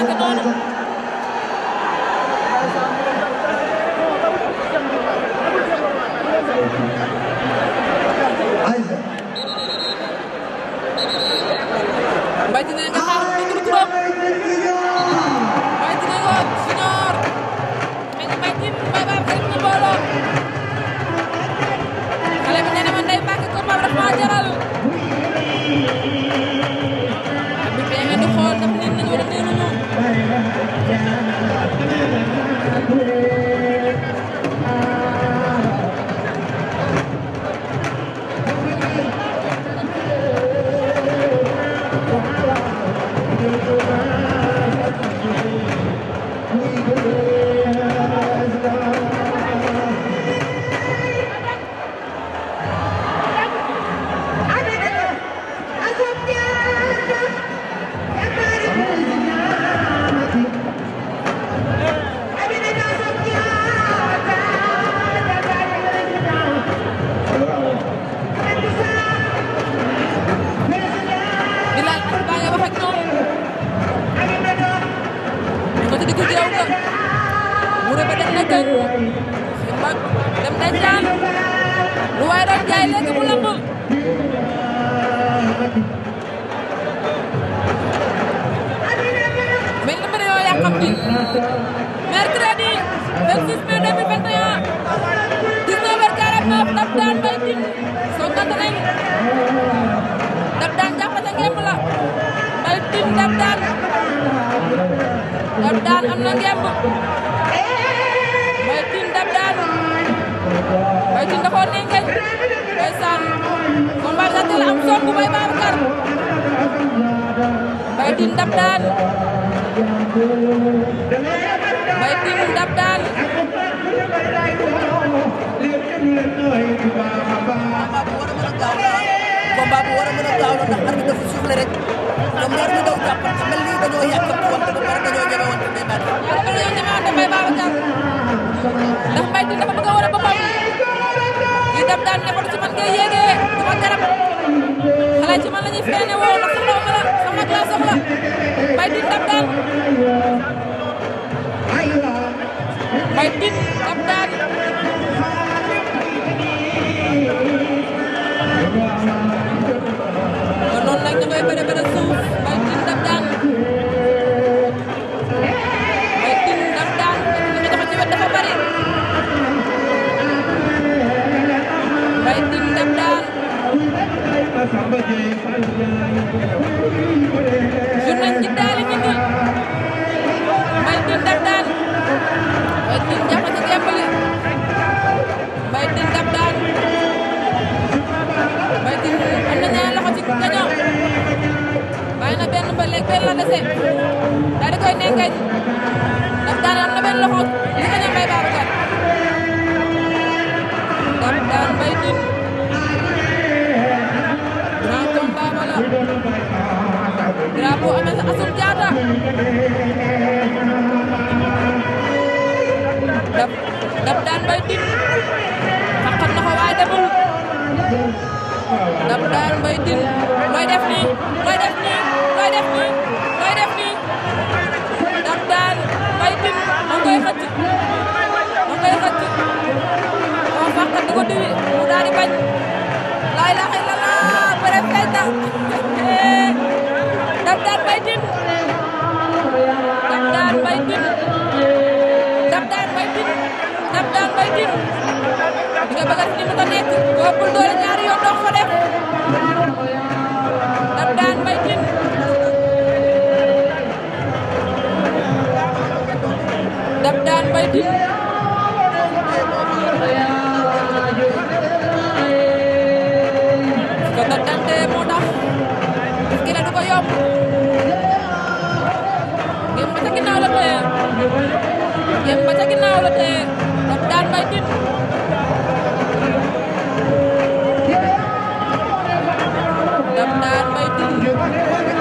baa ngi noonu Mbaye Djiné nga xaar mu dugg turam Mbaye Djiné nga junior mi ngi Mbaye Djiné Mbaye Babacar mi ngi mbooloo xale bi nee na man day mbàkk ko ma dafa maa jaral diggu géew ga muure ba dem na kañ mag dem na jaan lu waay doon jaay léegi mu lambam mel na mën a yoo yàqam ji mercredi 26 mai 2021 19h49 daf daan bay tin soo kat rek daf daan jàppante ngeen la bay tin daf daan Dab Daan am na ngemb Mbaye Tine Dab Daan Mbaye Tine dafa woon ne ngeen ndeysaan combat ga teel am sonn bu Mbaye Babacar Mbaye Tine Dab Daan Mbaye Tine Dab Daan combat bu war a mën a gaaw la ndax arbitre dafa soufflé rek ñoom ñaar ñu daw jàppante mel ni dañoo yàqante wante ba pare dañoo ñeme wante Mbaye Babacar. waaw dañoo ñeme wante Mbaye Babacar ndax Mbaye Tine dafa bëgg a war a boppam ñu dem daal ne ko ci man ngay yéegee du ma garab xale ci man la ñuy feeñee woo la soxla wala xam nga laa soxla. journée ci daali ñu nii mbay tin dab daan mbay tin jàpp ci dembali mbay tin dab daan mbay tin am na ñaari loxo ci gañoo bàyyi na benn ba léegi benn la dese daal di koy nengeñ dab daan am na benn loxo li gaño mbay Babacar dab daan mbay tin grand combat ba la bu Ameth Assoul Diatta dab dab daan bay dit faqat na ko waaye demul dab daan bay dit looy def nii looy def nii looy def nii looy def nii dab daan bay dit ma koy xëcc ma koy xëcc moom faqat di dab daan Mbaye Tine dab daan Mbaye Tine dab daan Mbaye Tine dab daan Mbaye Tine di nga bëgg a fi mu ko nekk koo ëppul doole ba ca la tee yem ba la tee kon daan bay dit